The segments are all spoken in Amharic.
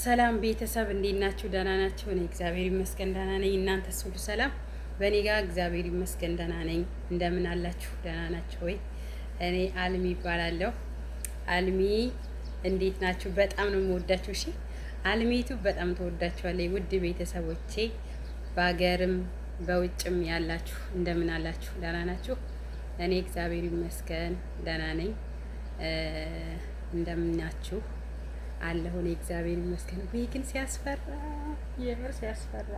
ሰላም ቤተሰብ እንዴት ናችሁ? ደህና ናችሁ? እኔ እግዚአብሔር ይመስገን ደህና ነኝ። እናንተ ሁሉ ሰላም? በእኔ ጋር እግዚአብሔር ይመስገን ደህና ነኝ። እንደምን አላችሁ? ደህና ናችሁ ወይ? እኔ አልሚ ይባላለሁ። አልሚ እንዴት ናችሁ? በጣም ነው የምወዳችሁ። እሺ አልሚቱ በጣም ተወዳችኋለሁ። ውድ ቤተሰቦቼ በሀገርም በውጭም ያላችሁ እንደምን አላችሁ? ደህና ናችሁ? እኔ እግዚአብሔር ይመስገን ደህና ነኝ። ናችሁ? አለሁ እኔ እግዚአብሔር ይመስገን። ወይ ግን ሲያስፈራ፣ የምር ሲያስፈራ።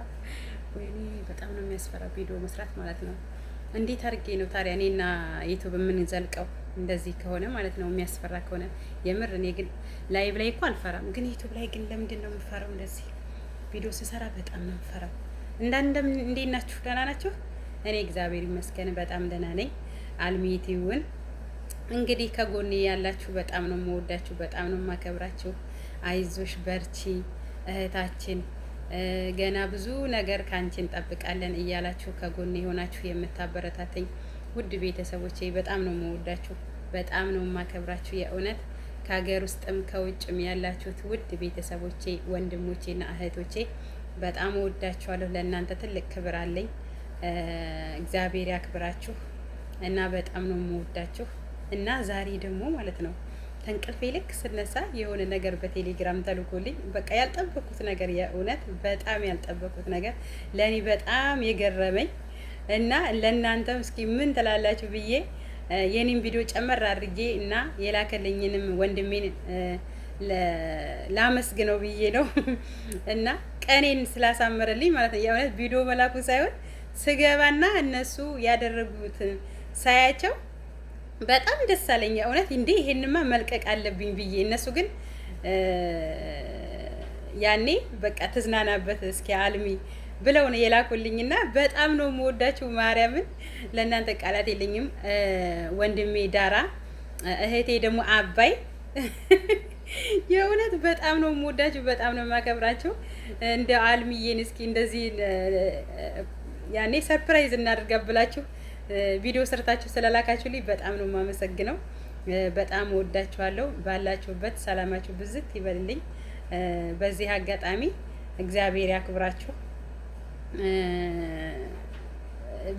ወይኔ በጣም ነው የሚያስፈራ ቪዲዮ መስራት ማለት ነው። እንዴት አድርጌ ነው ታዲያ እኔና ዩቱብ የምንዘልቀው? እንደዚህ ከሆነ ማለት ነው የሚያስፈራ ከሆነ የምር። እኔ ግን ላይቭ ላይ እኮ አልፈራም፣ ግን ዩቱብ ላይ ግን ለምንድን ነው የምፈራው? እንደዚህ ቪዲዮ ስሰራ በጣም ነው የምፈራው። እንዳንደም እንዴት ናችሁ? ደህና ናችሁ? እኔ እግዚአብሔር ይመስገን በጣም ደህና ነኝ። አልሚ እንግዲህ ከጎኔ ያላችሁ በጣም ነው የምወዳችሁ፣ በጣም ነው የማከብራችሁ አይዞሽ በርቺ እህታችን ገና ብዙ ነገር ካንቺ እንጠብቃለን እያላችሁ ከጎን የሆናችሁ የምታበረታተኝ ውድ ቤተሰቦቼ በጣም ነው መወዳችሁ በጣም ነው የማከብራችሁ። የእውነት ከሀገር ውስጥም ከውጭም ያላችሁት ውድ ቤተሰቦቼ ወንድሞቼና እህቶቼ በጣም ወዳችኋለሁ። ለእናንተ ትልቅ ክብር አለኝ። እግዚአብሔር ያክብራችሁ እና በጣም ነው መወዳችሁ እና ዛሬ ደግሞ ማለት ነው ተንቅልፌ ልክ ስነሳ የሆነ ነገር በቴሌግራም ተልኮልኝ በቃ ያልጠበኩት ነገር የእውነት በጣም ያልጠበኩት ነገር ለእኔ በጣም የገረመኝ እና ለእናንተም እስኪ ምን ትላላችሁ ብዬ የኔን ቪዲዮ ጨመር አድርጌ እና የላከልኝንም ወንድሜን ላመስግነው ብዬ ነው እና ቀኔን ስላሳመረልኝ ማለት ነው። የእውነት ቪዲዮ መላኩ ሳይሆን ስገባና እነሱ ያደረጉትን ሳያቸው በጣም ደስ አለኝ እውነት። እንዴ ይሄንማ መልቀቅ አለብኝ ብዬ እነሱ ግን ያኔ በቃ ተዝናናበት እስኪ አልሚ ብለው ነው የላኩልኝና በጣም ነው የምወዳችሁ። ማርያምን ለእናንተ ቃላት የለኝም። ወንድሜ ዳራ፣ እህቴ ደግሞ አባይ የእውነት በጣም ነው የምወዳችሁ፣ በጣም ነው የማከብራችሁ። እንደ አልሚዬን እስኪ እንደዚህ ያኔ ሰርፕራይዝ እናደርጋብላችሁ። ብላችሁ ቪዲዮ ሰርታችሁ ልኝ በጣም ነው የማመሰግነው። በጣም ወዳችኋለሁ። ባላችሁበት ሰላማችሁ ብዝት ይበልልኝ። በዚህ አጋጣሚ እግዚአብሔር ያክብራችሁ።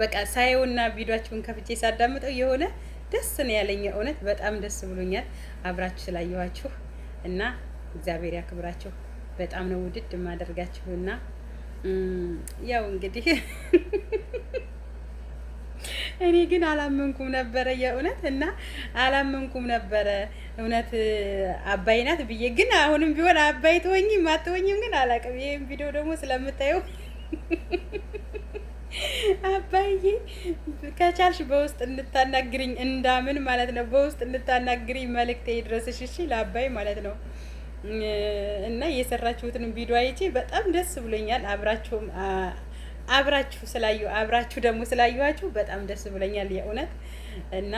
በቃ ሳየውና ቪዲዮአችሁን ከፍቼ ሳዳምጠው የሆነ ደስ ነው ያለኝ። እውነት በጣም ደስ ብሎኛል አብራችሁ ስላየኋችሁ እና እግዚአብሔር ያክብራችሁ። በጣም ነው ውድድ የማደርጋችሁና ያው እንግዲህ እኔ ግን አላመንኩም ነበረ የእውነት እና አላመንኩም ነበረ እውነት አባይ ናት ብዬ ግን አሁንም ቢሆን አባይ ትሆኝም አትሆኝም ግን አላውቅም። ይህም ቪዲዮ ደግሞ ስለምታየው አባዬ ከቻልሽ በውስጥ እንታናግሪኝ እንዳምን ማለት ነው። በውስጥ እንታናግሪኝ መልእክቴ ይድረስሽ እሺ፣ ለአባይ ማለት ነው። እና የሰራችሁትን ቪዲዮ አይቼ በጣም ደስ ብሎኛል። አብራችሁም አብራችሁ ስላዩ አብራችሁ ደግሞ ስላዩዋችሁ በጣም ደስ ብለኛል የእውነት እና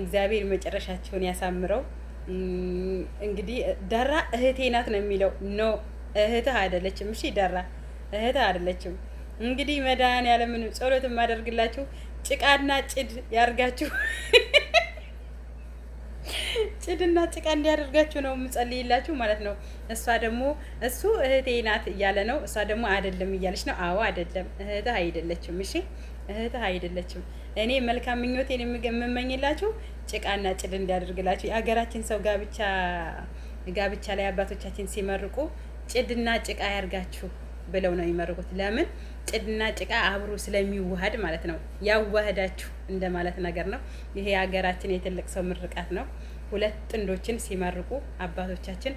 እግዚአብሔር መጨረሻቸውን ያሳምረው። እንግዲህ ደራ እህቴ ናት ነው የሚለው። ኖ እህትህ አይደለችም። እሺ ደራ እህትህ አይደለችም። እንግዲህ መድኃኔዓለምን ጸሎት የማደርግላችሁ ጭቃና ጭድ ያርጋችሁ። ጭድና ጭቃ እንዲያደርጋችሁ ነው የምጸልይላችሁ ማለት ነው። እሷ ደግሞ እሱ እህቴ ናት እያለ ነው፣ እሷ ደግሞ አይደለም እያለች ነው። አዎ አይደለም፣ እህትህ አይደለችም። እሺ እህትህ አይደለችም። እኔ መልካም ምኞቴን የምመኝላችሁ ጭቃና ጭድ እንዲያደርግላችሁ የሀገራችን ሰው ጋብቻ ጋብቻ ላይ አባቶቻችን ሲመርቁ ጭድና ጭቃ ያርጋችሁ ብለው ነው የሚመርቁት። ለምን ጭድና ጭቃ አብሮ ስለሚዋሃድ ማለት ነው። ያዋህዳችሁ እንደማለት ነገር ነው። ይሄ የሀገራችን የትልቅ ሰው ምርቃት ነው። ሁለት ጥንዶችን ሲመርቁ አባቶቻችን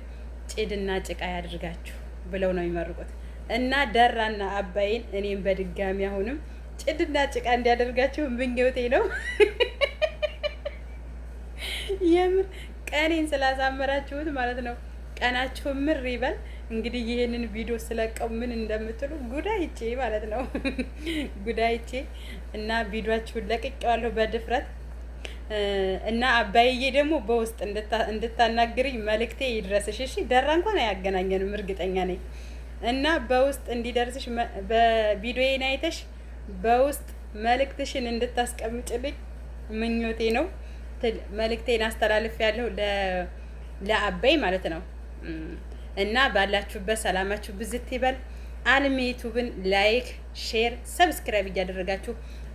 ጭድና ጭቃ ያድርጋችሁ ብለው ነው የሚመርቁት እና ደራና አባይን እኔም በድጋሚ አሁንም ጭድና ጭቃ እንዲያደርጋችሁ ምኞቴ ነው። የምር ቀኔን ስላሳመራችሁት ማለት ነው። ቀናችሁ ምር ይበል። እንግዲህ ይህንን ቪዲዮ ስለቀው ምን እንደምትሉ ጉዳይቼ ማለት ነው ጉዳይቼ እና ቪዲዮችሁን ለቅቄዋለሁ በድፍረት እና አባዬ ደግሞ በውስጥ እንድታናግርኝ መልእክቴ ይድረስሽ። እሺ ደራ እንኳን አያገናኘንም እርግጠኛ ነኝ። እና በውስጥ እንዲደርስሽ በቪዲዮዬን አይተሽ በውስጥ መልእክትሽን እንድታስቀምጭልኝ ምኞቴ ነው። መልእክቴን አስተላልፍ ያለሁ ለአባይ ማለት ነው። እና ባላችሁበት ሰላማችሁ ብዝት ይበል። አልሚ ዩቱብን ላይክ፣ ሼር፣ ሰብስክራይብ እያደረጋችሁ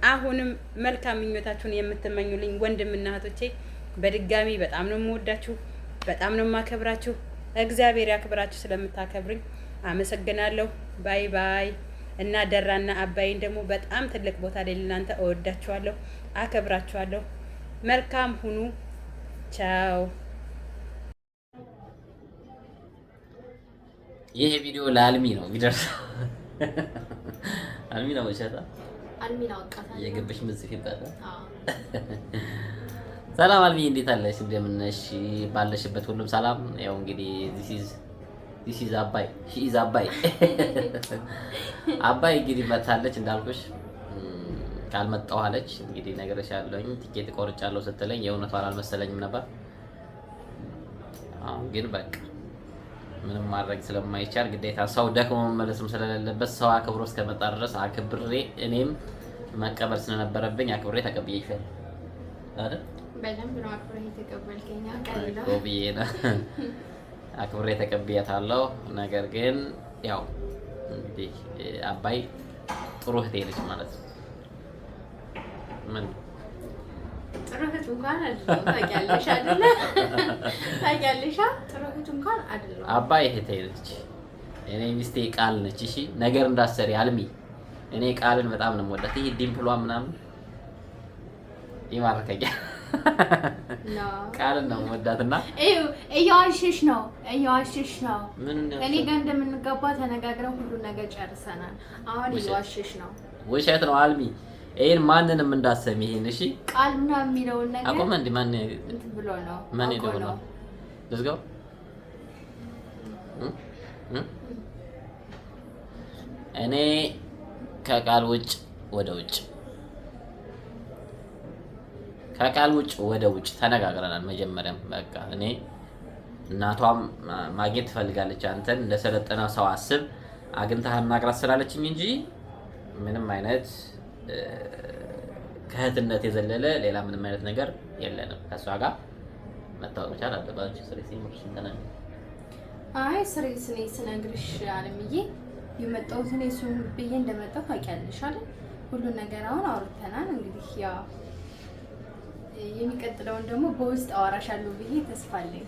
አሁንም መልካም ምኞታችሁን የምትመኙልኝ ወንድምና እህቶቼ በድጋሚ በጣም ነው የምወዳችሁ፣ በጣም ነው የማከብራችሁ። እግዚአብሔር ያክብራችሁ። ስለምታከብርኝ አመሰግናለሁ። ባይ ባይ። እና ደራና አባይን ደግሞ በጣም ትልቅ ቦታ ላይ ለእናንተ እወዳችኋለሁ፣ አከብራችኋለሁ። መልካም ሁኑ። ቻው። ይሄ ቪዲዮ ለአልሚ ነው የሚደርሰው። አልሚ ነው አልሚን አወቃታለሁ። የግብሽ ምጽፍ ይባላል። ሰላም አልሚ፣ እንዴት አለሽ? እንደምነሽ? ባለሽበት ሁሉም ሰላም። ያው እንግዲህ ዚስ ኢዝ አባይ ሺ ኢዝ አባይ አባይ እንግዲህ መታለች እንዳልኩሽ ካልመጣሁ አለች። እንግዲህ ያለኝ ትኬት ቆርጫለሁ ስትለኝ የእውነቷን አልመሰለኝም ነበር። አሁን ግን በቃ ምንም ማድረግ ስለማይቻል ግዴታ ሰው ደክሞ መመለስም ስለሌለበት ሰው አክብሮ እስከመጣ ድረስ አክብሬ እኔም መቀበል ስለነበረብኝ አክብሬ ተቀብዬ ይሻል ብዬ በደንብ ነው አክብሬ የተቀበልከኝ። አክብሬ ተቀብያታለሁ። ነገር ግን ያው እንግዲህ አባይ ጥሩ እህቴ ነች ማለት ነው። ምን ጥሩ እንኳን አይደለም። ታውቂያለሽ አይደለ? ታውቂያለሽ ጥሩ እህት እንኳን አይደለም። አባይ እህቴ ነች። እኔ ሚስቴ ቃል ነች። እሺ ነገር እንዳሰሪ አልሚ። እኔ ቃልን በጣም ነው የምወዳት። ይሄ ዲምፕሏ ምናምን ይማርከኛል። ቃልን ነው የምወዳት እና እየዋሸሽ ነው እየዋሸሽ ነው። እኔ ጋር እንደምንገባ ተነጋግረን ሁሉ ነገር ጨርሰናል። አሁን እየዋሸሽ ነው። ውሸት ነው አልሚ ይሄን ማንንም እንዳሰሚ ይሄን እሺ፣ ቃል ምና የሚለውን ነገር አቆመ። እንዴ ማን ብሎ ነው ማን ደውሎ ነው? ጎ እኔ ከቃል ውጭ ወደ ውጭ ከቃል ውጭ ወደ ውጭ ተነጋግረናል። መጀመሪያም በቃ እኔ እናቷም ማግኘት ትፈልጋለች። አንተን እንደሰለጠነ ሰው አስብ አግኝተህ አናግራት ስላለችኝ እንጂ ምንም አይነት ከእህትነት የዘለለ ሌላ ምንም አይነት ነገር የለንም። ከእሷ ጋር መታወቅ መቻል አለባች። ስሬስ ምርሽ ተናል አይ ስሬ ስኔ ስነግርሽ አለምዬ የመጣሁት እኔ እሱን ብዬ እንደመጣሁ ታውቂያለሽ አይደል? ሁሉን ነገር አሁን አውርተናል። እንግዲህ ያ የሚቀጥለውን ደግሞ በውስጥ አዋራሻለሁ ብዬ ተስፋ አለኝ።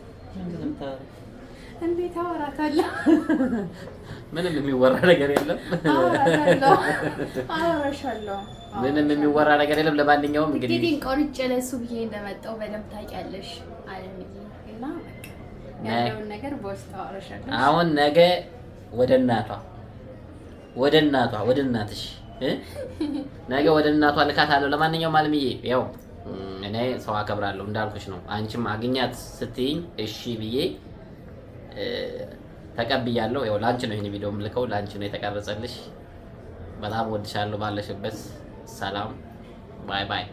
እንዴት አወራታለሁ? ምንም የሚወራ ነገር የለም። አወራሻለሁ። ምንም የሚወራ ነገር የለም። ለማንኛውም እንግዲህ እንግዲህ ቆርጬ ለእሱ ብዬ እንደመጣሁ በደምብ ታውቂያለሽ አለኝ እና አሁን ነገ ወደ እናቷ ወደ እናቷ ወደ እናትሽ ነገ ወደ እናቷ ልካታለሁ። ለማንኛውም አለምዬ ያው እኔ ሰው አከብራለሁ እንዳልኩሽ ነው። አንቺም አግኛት ስትይኝ እሺ ብዬ ተቀብያለሁ። ያው ላንቺ ነው ይሄን ቪዲዮ ምልከው፣ ላንቺ ነው የተቀረጸልሽ። በጣም ወድሻለሁ። ባለሽበት ሰላም። ባይ ባይ